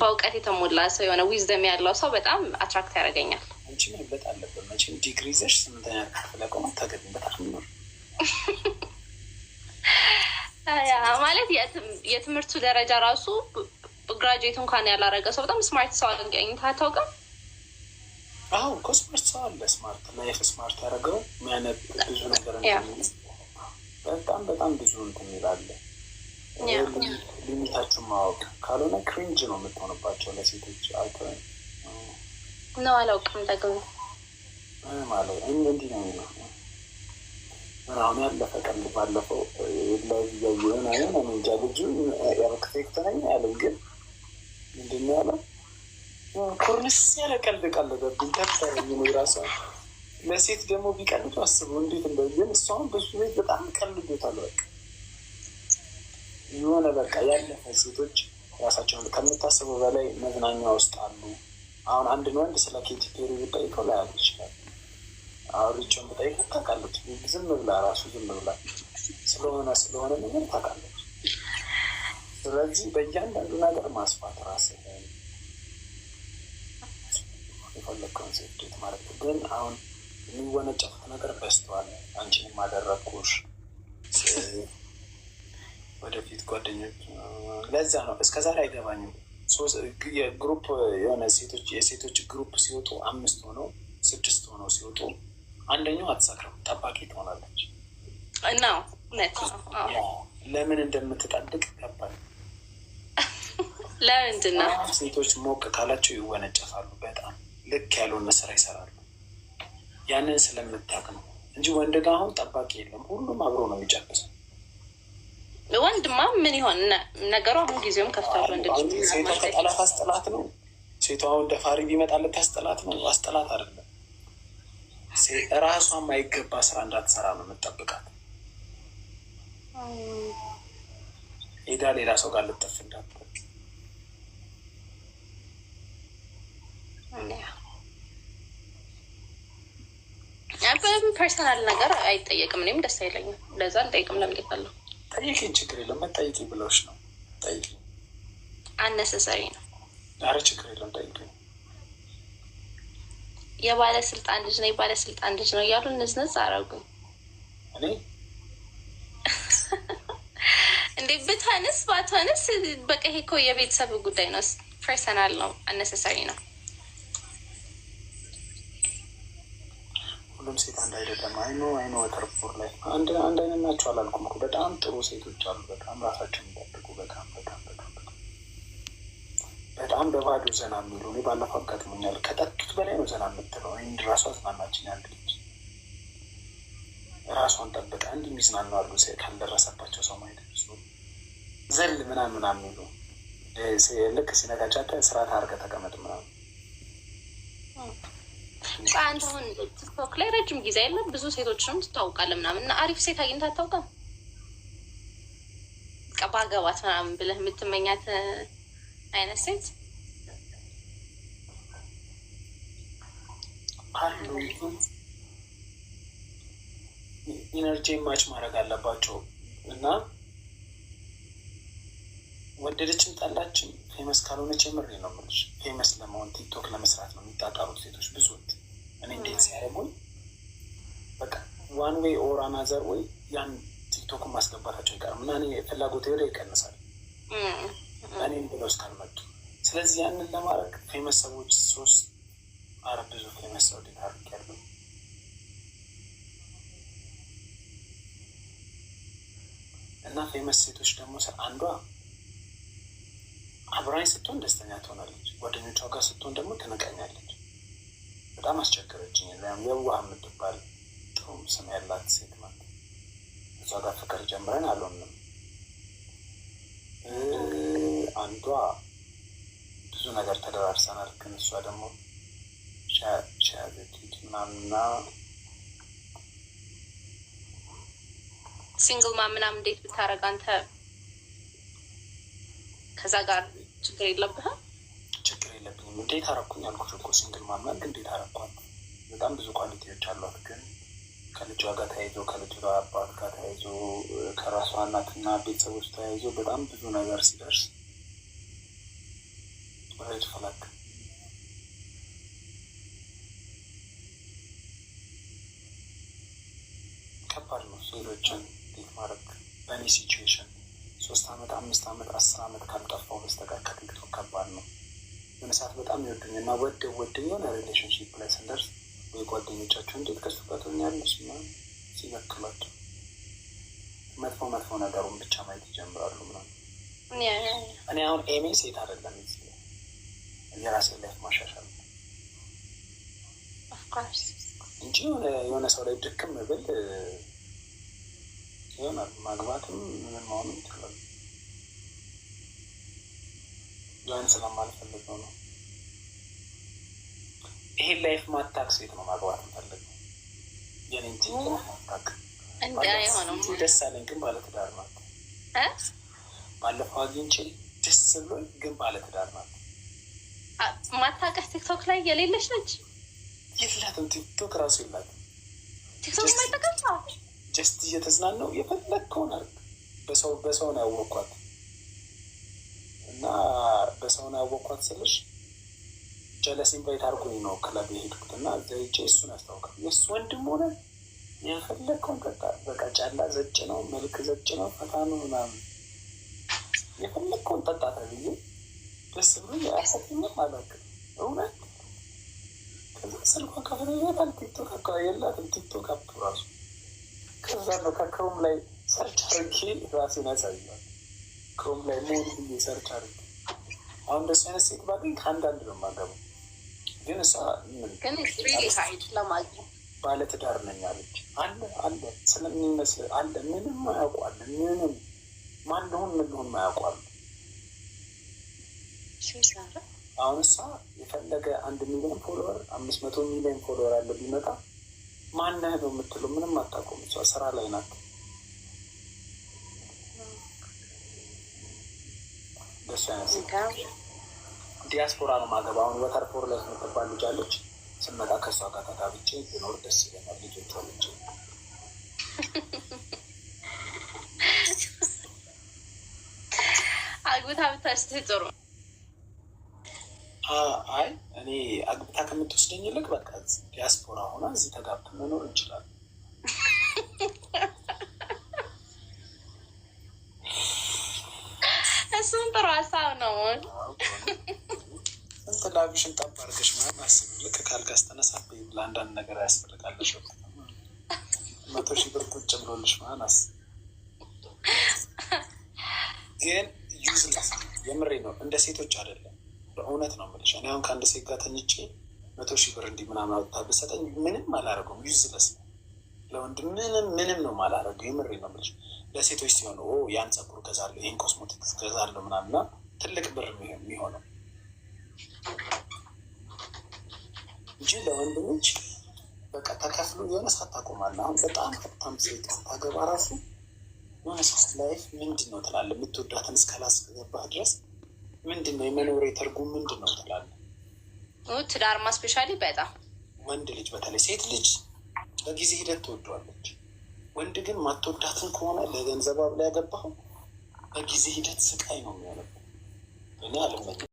በእውቀት የተሞላ ሰው የሆነ ዊዝደም ያለው ሰው በጣም አትራክት ያደርገኛል። አንቺ መበት አለብን መቼም ዲግሪ ይዘሽ ስምንተኛ ክፍል ቆማ ታገቢበት ማለት የትምህርቱ ደረጃ ራሱ ግራጁዌት እንኳን ያላረገ ሰው በጣም ስማርት ሰው አገኝታ አታውቅም? አዎ እኮ ስማርት ሰው አለ። ስማርት ላይፍ ስማርት ያደረገው ሚያነብ ብዙ ነገር በጣም በጣም ብዙ እንትን ይላለ ሊሚታችሁ ማወቅ ካልሆነ ክሪንጅ ነው የምትሆንባቸው ለሴቶች። አይተ ነው አላውቅም ደግሞ ማለት እንዲህ ነው አሁን ያለፈ ቀን ባለፈው ላይ እያየሆን አይሆን እንጃ ልጁ አርክቴክት ነኝ ያለው ግን ምንድን ነው ያለው ኮርንስ ያለ ቀልድ ቀለደብኝ። ከፍተር የሚኖራ ራሷ ለሴት ደግሞ ቢቀልዱ አስበው እንዴት እንደግን እሷሁን በሱ ቤት በጣም ቀልዶታል በቃ የሆነ በቃ ያለፈ ሴቶች ራሳቸውን ከምታስቡ በላይ መዝናኛ ውስጥ አሉ። አሁን አንድን ወንድ ስለ ኬቲ ፔሪ ብጠይቀው ላያውቅ ይችላል። አውሪቸውን ብጠይቀው ታውቃለች። ዝም ብላ ራሱ ዝም ብላ ስለሆነ ስለሆነ ነገር ታውቃለች። ስለዚህ በእያንዳንዱ ነገር ማስፋት ራስ የፈለግከውን ሴት ማለት ግን አሁን የሚወነጨፉት ነገር በስተዋል። አንቺንም አደረግኩሽ ወደፊት ጓደኞች ለዛ ነው እስከዛሬ አይገባኝም። የግሩፕ የሆነ ሴቶች የሴቶች ግሩፕ ሲወጡ አምስት ሆነው ስድስት ሆነው ሲወጡ አንደኛው አትሰክርም፣ ጠባቂ ትሆናለች። ነው ለምን እንደምትጠብቅ ገባል። ለምንድን ነው ሴቶች ሞቅ ካላቸው ይወነጨፋሉ፣ በጣም ልክ ያልሆነ ስራ ይሰራሉ። ያንን ስለምታውቅ ነው እንጂ ወንድ ጋር አሁን ጠባቂ የለም፣ ሁሉም አብሮ ነው የሚጨብሰው ወንድማ ምን ይሆን ነገሩ? አሁን ጊዜውም ከፍቷል። ወንድሴቷ ከጠላት አስጠላት ነው። ሴቷ አሁን ደፋሪ ቢመጣለት አስጠላት ነው። አስጠላት አይደለም። ራሷ የማይገባ ስራ እንዳትሰራ ነው የምጠብቃት። ሄዳ ሌላ ሰው ጋር ልጠፍ እንዳትል ፐርሰናል ነገር አይጠየቅም። እኔም ደስ አይለኝም። ለዛ እንጠይቅም ለምጌታለሁ ጠይቅኝ፣ ችግር የለም መጠይቅኝ ብለውሽ ነው። ጠይቅኝ፣ አነሰሰሪ ነው። አረ ችግር የለም ጠይቅኝ። የባለስልጣን ልጅ ነው የባለስልጣን ልጅ ነው እያሉ ንዝንዝ አረጉ። እኔ እንዴ ብታንስ ባታንስ፣ በቃ ይሄ እኮ የቤተሰብ ጉዳይ ነው። ፐርሰናል ነው። አነሰሰሪ ነው። ሁሉም ሴት አንድ አይደለም። አይኖ አይኖ ወተርፎር ላይ አንድ አንድ አይነት ናቸው አላልኩም። በጣም ጥሩ ሴቶች አሉ። በጣም ራሳቸው የሚጠብቁ በጣም በጣም በጣም በጣም በባዶ ዘና የሚሉ እኔ ባለፈው አጋጥሞኛል። ከጠጡት በላይ ነው ዘና የምትለው። አንድ ራሷ አዝናናችኝ። ያንድ ልጅ ራሷን ጠብቃ አንድ የሚዝናኑ አሉ። ካልደረሰባቸው ሰው ማይደርሱ ዘል ምናምን ምናምን የሚሉ ልክ ሲነጋጫ ስርዓት አድርገህ ተቀመጥ ምናምን አንተ አሁን ቲክቶክ ላይ ረጅም ጊዜ የለም ብዙ ሴቶችንም ትታወቃለህ ምናምን እና አሪፍ ሴት አግኝተህ አታውቅም? ባገባት ምናምን ብለህ የምትመኛት አይነት ሴት ኢነርጂ ማች ማድረግ አለባቸው እና ወደደችም ጠላችም ፌመስ ካልሆነ ጭምር ነው የምልሽ። ፌመስ ለመሆን ቲክቶክ ለመስራት ነው የሚጣጣሩት ሴቶች ብዙዎች። እኔ እንዴት ሲያደርጉኝ በቃ ዋን ዌይ ኦር አናዘር ወይ ያን ቲክቶክ ማስገባታቸው አይቀርም እና እኔ ፍላጎት ወደ ይቀንሳል እኔም ብለው እስካልመጡ። ስለዚህ ያንን ለማድረግ ፌመስ ሰዎች ሶስት አረ ብዙ ፌመስ ሰው ሊታርቅ ያለው እና ፌመስ ሴቶች ደግሞ አንዷ አብራኝ ስትሆን ደስተኛ ትሆናለች። ጓደኞቿ ጋር ስትሆን ደግሞ ትንቀኛለች። በጣም አስቸገረችኝ። የዋህ የምትባል ጥሩ ስም ያላት ሴት ናት። እሷ ጋር ፍቅር ጀምረን አልሆንም። አንዷ ብዙ ነገር ተደራርሰናል፣ ግን እሷ ደግሞ ሻቤቲት ማምና ሲንግል ማምናም እንዴት ብታረግ አንተ ከዛ ጋር ችግር የለብህም? ችግር የለብኝም። እንዴት አረኩኝ ያልኩት እኮ ሲንግል ማምናት እንዴት አረኳል። በጣም ብዙ ኳሊቲዎች አሏት፣ ግን ከልጇ ጋር ተያይዞ ከልጇ አባት ጋር ተያይዞ ከራሷ እናትና ቤተሰቦች ተያይዞ በጣም ብዙ ነገር ሲደርስ ሬድ ፈላግ ከባድ ነው። ሌሎችን እንዴት ማድረግ በእኔ ሲቹዌሽን አምስት ዓመት አስር ዓመት ካልጠፋው በስተቀር ከቲክቶክ ከባድ ነው። የሆነ ሰዓት በጣም ይወዱኝ እና ወደ ወደው የሆነ ሪሌሽንሽፕ ላይ ስንደርስ ወይ ጓደኞቻቸው እንዴት ከሱ ጋር ትሆኛለሽ ሲበክሏቸው መጥፎ መጥፎ ነገሩን ብቻ ማየት ይጀምራሉ ምና እኔ አሁን ኤሜ ሴት አይደለም የራሴ ላይፍ ማሻሻል እንጂ የሆነ ሰው ላይ ድክም ብል ይሆናል ማግባትም ምን መሆኑ ይችላል። ያን ስለማልፈልገው ነው። ይሄ ላይፍ ማታክ ሴት ነው ማግባት የምፈልገው። የኔን ቲንክ ማታክ ደስ አለኝ፣ ግን ባለትዳር ናት። ባለፈው አግኝቼ ደስ ብሎኝ፣ ግን ባለትዳር ናት። ማታቀስ ቲክቶክ ላይ የሌለች ነች፣ የላትም። ቲክቶክ ራሱ የላትም። ቲክቶክ ማይጠቀም ጀስት እየተዝናነው የፈለግከውን አድርግ። በሰው በሰው ነው ያወቅኳት እና ሰውን አወቅኳት ስልሽ ጀለስ ኢንቫይት አድርጎኝ ነው ክለብ የሄድኩት እና ዘይቼ እሱን አስታውቃል። የእሱ ወንድም ሆነ የፈለግከውን በቃ በቃ ጫላ ዘጭ ነው መልክ ዘጭ ነው ፈታ ነው ምናምን የፈለግከውን ጠጣ ተብዬ ደስ ብሎ የአሰትኛም አላውቅም እውነት። ከዛ ስልኳን ከፍለታል ቲክቶክ አካባቢ የላትም ቲክቶክ አፕ ራሱ ከዛ ነው ከክሮም ላይ ሰርች አርጌ ራሴን ያሳያል። ክሮም ላይ ሞድ ብዬ ሰርች አርጌ አሁን እንደዚህ አይነት ሴት ባገኝ ከአንዳንድ ነው የማገባው፣ ግን ባለትዳር ነኝ አለች። አለ አለ ስለሚመስል አለ ምንም አያውቋል። ምንም ማን ልሁን ምን ልሁን አያውቋል። አሁን እሷ የፈለገ አንድ ሚሊዮን ፎሎወር አምስት መቶ ሚሊዮን ፎሎወር አለ ቢመጣ ማነህ ነው የምትለው? ምንም አታውቀውም። እሷ ስራ ላይ ናት። ዲያስፖራ ነው ማገባ። አሁን ወተርፖር ላይ የምትባል ልጅ አለች። ስመጣ ከእሷ ጋር ተጋብቼ ብኖር ደስ ይለኛል። ልጆች አለች አግብታ ብታስት ጥሩ። አይ እኔ አግብታ ከምትወስደኝ ይልቅ በቃ ዲያስፖራ ሆና እዚህ ተጋብተን መኖር እንችላለን። ጥሩ ሀሳብ ነው። ላብሽን ጠብ አድርገሽ ምናምን አስብ። ልክ ካልጋ ስተነሳ ለአንዳንድ ነገር ያስፈልጋለሽ። መቶ ሺህ ብር ቁጭ ብሎልሽ ምናምን አስብ። ግን ዩዝለስ የምሬ ነው። እንደ ሴቶች አይደለም፣ በእውነት ነው የምልሽ። እኔ አሁን ከአንድ ሴት ጋር ተኝቼ መቶ ሺህ ብር እንዲህ ምናምን አውጥታ ብሰጠኝ ምንም አላደርገውም። ዩዝለስ ነው ለወንድ ምንም ምንም ነው ማላረገው። የምሪ ነው የምልሽ። ለሴቶች ሲሆን ያን ፀጉር ገዛለሁ፣ ይህን ኮስሞቲክስ ገዛለሁ ምናምና ትልቅ ብር የሚሆነው እንጂ ለወንድ ልጅ በቃ ተከፍሎ የሆነ ሰዓት አሁን በጣም ሀብታም ሴት ስታገባ ራሱ የሆነ ላይፍ ምንድን ነው ትላለ የምትወዳትን እስካላስገባህ ድረስ ምንድን ነው የመኖር ትርጉም ምንድን ነው ትላለ። ትዳርማ ስፔሻሊ በጣም ወንድ ልጅ በተለይ ሴት ልጅ በጊዜ ሂደት ትወደዋለች። ወንድ ግን ማትወዳትን ከሆነ ለገንዘብ አብላ ያገባኸው በጊዜ ሂደት ስቃይ ነው የሚያለብ እኔ አለመ